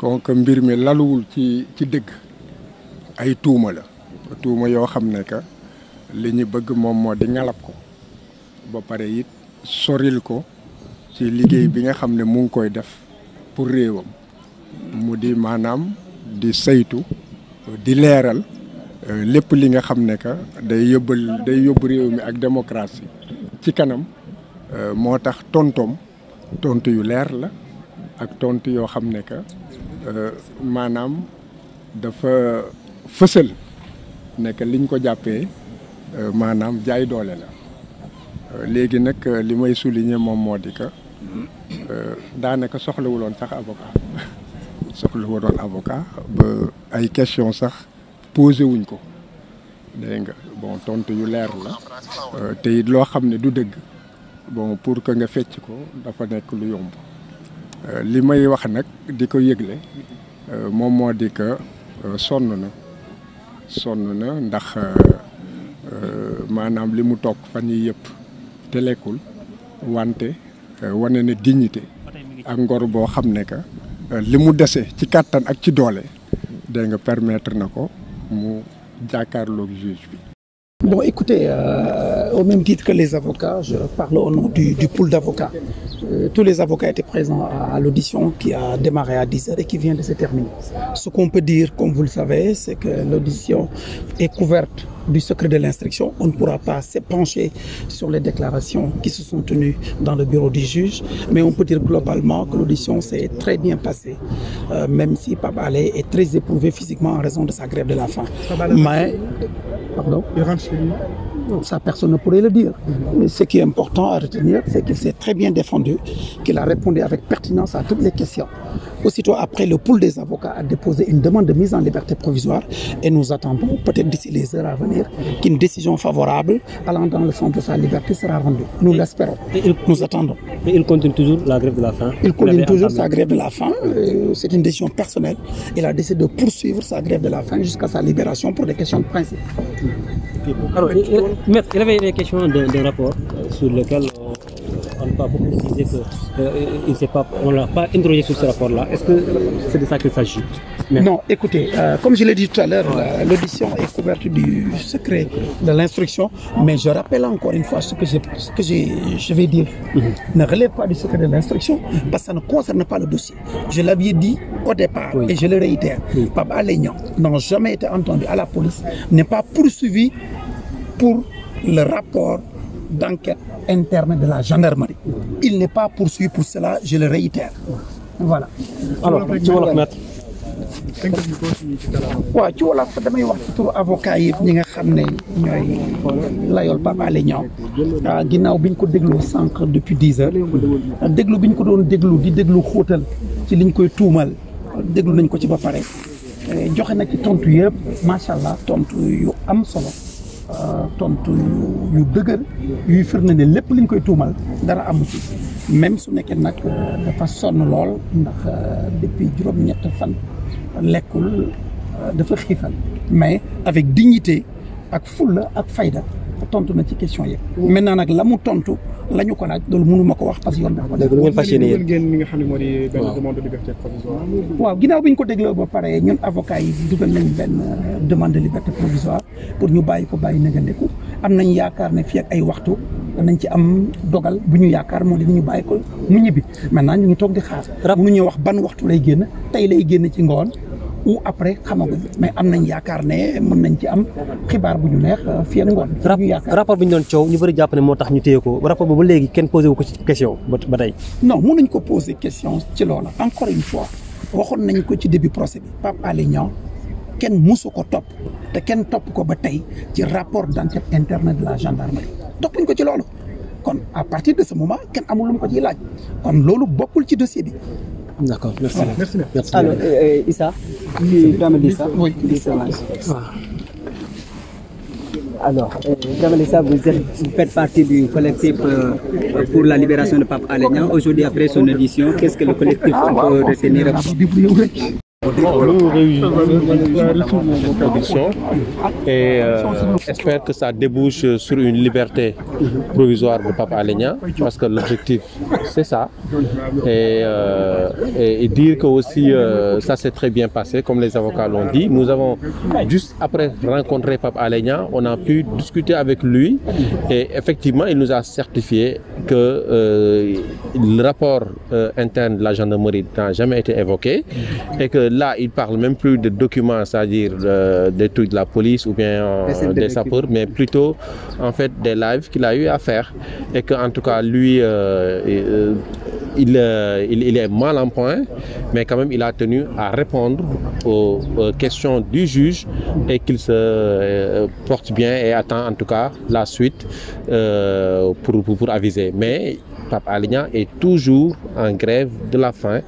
donc mbir mi laluwul ci ci dëgg ay tuuma la tuuma yoo xam ne que li ñu bëgg moom moo di ngalab ko ba pare it soril ko ci liggéey bi nga xam ne mu ngi koy def pour réewam mu di maanaam di saytu di leeral euh, lépp li nga xam ne que day yóbbal day yóbbu réew mi ak démocratie ci kanam euh, moo tax tontoom tontu yu leer la ak tontu yoo xam ne que euh, maanaam dafa fësal ne liñ ko jàppee euh, maanaam jaay doole la euh, léegi nag li may souligner moom moo di que daanaka soxlawuloon sax avocat soxlawuloon aboka ba ay question sax posé wuñ ko dégg nga bon tontu yu leer la te it loo xam ne du dëgg bon pour que nga fecc ko dafa nekk lu yomb Euh, li may wax nag di ko yëgle euh, moom moo di que euh, sonn na sonn na ndax maanaam li mu toog fan yi yëpp te lekkul wante wane na dignité ak ngor boo xam ne que li mu dese ci kàttan ak ci doole dégg nga permettre na ko mu jàkkaarloog juge bi. bon écoutez euh, au même titre Euh, tous les avocats étaient présents à l'audition qui a démarré à 10 heures et qui vient de se terminer. Ce qu'on peut dire, comme vous le savez, c'est que l'audition est couverte du secret de l'instruction. On ne pourra pas se pencher sur les déclarations qui se sont tenues dans le bureau du juge, mais on peut dire globalement que l'audition s'est très bien passée, euh, même si Pabalé est très éprouvé physiquement en raison de sa grève de la faim. Mais, pardon. Il rentre chez lui. Ça, personne ne pourrait le dire. Mais ce qui est important à retenir, c'est qu'il s'est très bien défendu, qu'il a répondu avec pertinence à toutes les questions. Aussitôt après, le pool des avocats a déposé une demande de mise en liberté provisoire et nous attendons, peut-être d'ici les heures à venir, qu'une décision favorable allant dans le fond de sa liberté sera rendue. Nous l'espérons. Nous attendons. Mais il continue toujours la grève de la faim. Il continue toujours sa grève de la faim. Euh, c'est une décision personnelle. Il a décidé de poursuivre sa grève de la faim jusqu'à sa libération pour des questions de principe. Alors, il y avait une question d'un rapport euh, sur lequel euh, on ne peut pas disait que euh, il sait pas, on l'a pas interrogé que c'est de ça qu'il euh, comme je l'ai dit tout à l'heure, euh, l'audition est couverte du secret de l'instruction, mais je rappelle encore une fois ce que, je, ce mhm. ne relève pas du secret de l'instruction parce que ça ne pas le dossier. Je l'avais dit au départ et je le réitère. Oui. Papa n'a jamais été entendu à la police, n'est pas poursuivi pour le rapport d'enquête internet de la gendarmerie. Il n'est pas poursuivi pour cela, je le réitère. Voilà. Alors ci wolof maître. damay wax ci turu avocat yi ñi nga xam ne ñooy layool Pape Alé Niang ah, ginnaaw bi ñu ko déglu sànq depuis dix heures déglu bi ñu ko doon déglu di déglu xóotal ci li liñ koy tuumal déglu nañ ko ci ba pare eh, joxe na ci tontu yëpp macha allah tontu yu am solo. Euh, tontu yu yu dëgër yuy firnde ne lépp liñ koy tuumal dara amu ci même su nekkee nag euh, dafa sonn lool ndax euh, depuis juróom-ñett fan lekkul dafa xiifal mais avec dignité ak fulla ak fayda tontu na ci question yëpp. maintenant nag la mu tontu la ko laaj loolu mënu ko wax parce yoon bi. nga xam ne moo di. benn demande liberté provisoire. waaw ginnaaw bi ñu ko dégloo ba pare ñun avocat yi dugal nañ benn demande liberté provisoire. pour ñu bàyyi ko bàyyi nëgandeku am nañ yaakaar ne fii ay waxtu danañ ci am dogal bu ñu yaakaar moo di ñu bàyyi ko mu ñibbi naa ñu ngi toog di xaar. rab ñu wax ban waxtu lay génn tey lay génn ci ngoon ou après xamaguñ mais am nañ yaakaar ne mën nañ ci am xibaar bu ñu neex euh, fii ak ngoon. ñu yaakaar rapport bi ñu doon coow ñu bëri jàpp moo tax ñu téye ko rapport bi ba léegi kenn posé wu ko ci question ba tey. non mënuñ ko posé question ci loola encore une fois waxoon ko ci début procès bi Pape Alé Niang kenn musu ko topp te kenn topp ko ba tey ci rapport d'enquête interne de la gendarmerie toppuñ ko ci loolu kon à partir de ce moment kenn amul lu mu ko ciy laaj kon loolu bokkul ci dossier bi. d'accord merci voilà. merci merci. alors Issa. oui alors Dabalissa vous êtes vous faites pour la libération de Pape Alé aujourd'hui après son audition qu'est-ce que le collectif peut retenir Nous euh, que ça débouche sur une liberté provisoire de Papa Alenia parce que l'objectif c'est ça et, euh, et, et, dire que aussi euh, ça s'est très bien passé comme les avocats l'ont dit. Nous avons juste après rencontré Papa Alenia, on a pu discuter avec lui et effectivement il nous a certifié que euh, le rapport euh, interne de la gendarmerie n'a jamais été évoqué et que là, il parle même plus de documents, c'est-à-dire euh, des trucs de la police ou bien euh, des sapeurs, mais plutôt en fait des lives qu'il a eu à faire et que en tout cas lui euh, euh, il, euh, il, il, est mal en point, mais quand même, il a tenu à répondre aux, aux questions du juge et qu'il se euh, porte bien et attend en tout cas la suite euh, pour, pour, pour, aviser. Mais Pape Alignan est toujours en grève de la faim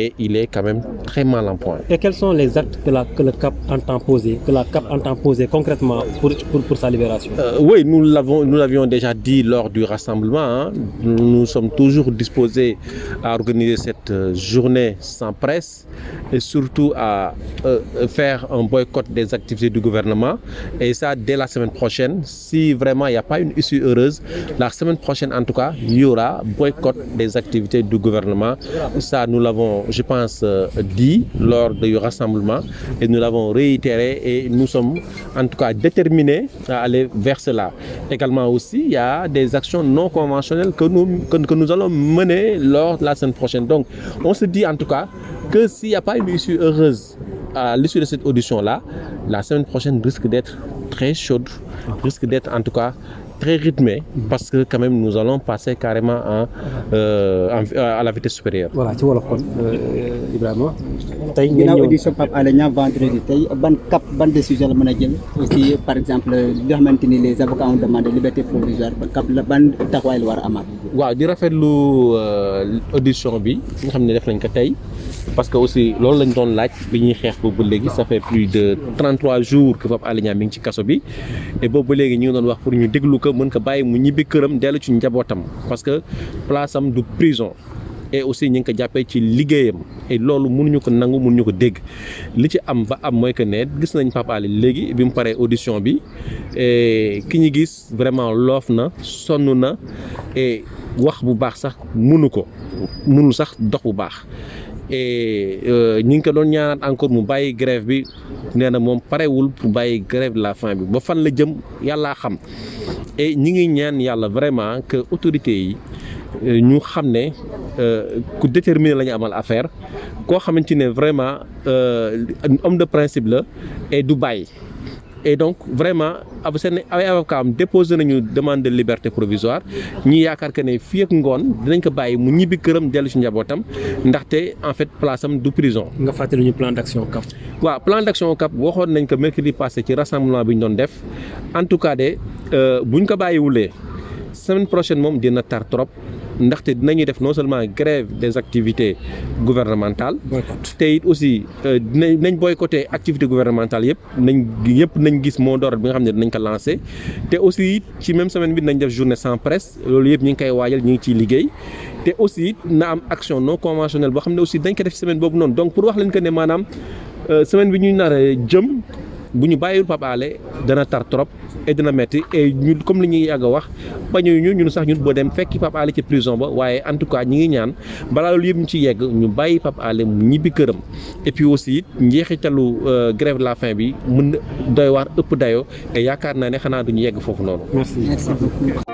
et il est quand même très mal en point. Et quels sont les actes que, la, que le CAP entend poser, que la CAP entend poser concrètement pour, sa libération euh, nous l'avions déjà dit lors du rassemblement. Hein. Nous, nous, sommes toujours disposés à organiser cette euh, journée sans presse et surtout à euh, faire un boycott des activités du gouvernement. Et ça, dès la semaine prochaine, si vraiment il n'y a pas une issue heureuse, la semaine prochaine en tout cas, il y aura boycott des activités du gouvernement. Ça, nous l'avons je pense, euh, dit lors du rassemblement et nous l'avons réitéré et nous sommes en tout cas déterminés à aller vers cela. Également aussi, il a des actions non conventionnelles que nous, que, que nous allons mener lors de la semaine prochaine. Donc, on se dit en tout cas que s'il n'y a pas une issue heureuse à l'issue de cette audition-là, la semaine prochaine risque d'être très chaude, risque d'être en tout cas très rythmé parce que quand même nous allons passer carrément euh, en, euh, en la vitesse supérieure. voilà ci wolof kon euh, Ibrahima. tey ngeen ñëw vendredi tey ban cap ban décision la mën a jël aussi par exemple li xamante ni les avocats ont demandé liberté provisoire ban cap la ban taxawaay la war a waaw di rafetlu euh, audition bi nga xam ne def nañ ko tey parce que aussi loolu lañ doon laaj bi ñuy xeex boobu ba léegi ça fait plus de 33 jours que Pape Alé Niang mi ngi ci kaso bi te boobu léegi ñu ngi doon wax pour ñu déglu ko mën ko bàyyi mu ñibbi këram dellu ci njabootam parce que place am du prison aussi ñu ngi ko jàppee ci liggéeyam et loolu mënuñu ko nangu mënuñu ko dégg li ci am ba am mooy que ne gis nañ Pape Alé léegi bi mu paree audition bi ki ñu gis vraiment loof na sonn na wax bu baax sax munu ko mënul sax dox bu baax et euh, ñi ngi ko doon ñaanaat encore mu bàyyi grève bi nee na moom parewul pour bàyyi grève de la faim bi ba fan la jëm yàllaa xam et ñi ngi ñaan yàlla vraiment que autorités yi euh, ñu xam ne Euh, ku déterminé la ñu amal affaire koo xamante ne vraiment euh, homme de principe la et du bàyyi et donc vraiment ab seen ay avocat am déposé nañu demande de liberté provisoire ñi yaakaar que ne fii ak ngoon dinañ ko bàyyi mu ñibbi këram dellu si njabootam ndaxte en fait place am du prison. nga fàttali ñu plan d' action waa waaw plan d' action waxoon nañ ko mercredi passé ci rassemblement bi ñu doon def en tout cas de euh, bu ñu ko bàyyiwulee semaine prochaine moom dina tar trop. ndaxte dinañuy def non seulement grève des activités gouvernementales te it aussi euh, dinañ nañ boycotté activité gouvernementale yëpp nañ yëpp nañ gis moo d'ordre bi nga xam ne dinañ ko lancé te aussi ci même semaine bi nañ def journée sans presse loolu yëpp ñu ngi koy waajal ñu ngi ciy liggéey te aussi na am action non conventionnelle boo xam ne aussi dañ ko def semaine boobu noonu donc pour wax leen ko ne maanaam euh, semaine bi ñuy nar a jëm bu ñu bàyyiwul Pape dana tar trop et dina metti et ñun comme li ñuy yàgg a wax bañu ñu ñun sax ñun boo dem fekki Pape Alé prison ba waaye en tout cas ñi ngi ñaan balaa loolu yëpp ñu ci yegg ñu bàyyi Pape Alé ñibbi këram et aussi it njeexitalu euh, grève de la fin bi mën na doy waar ëpp dayoo et yaakaar naa ne xanaa duñu yegg foofu noonu. merci merci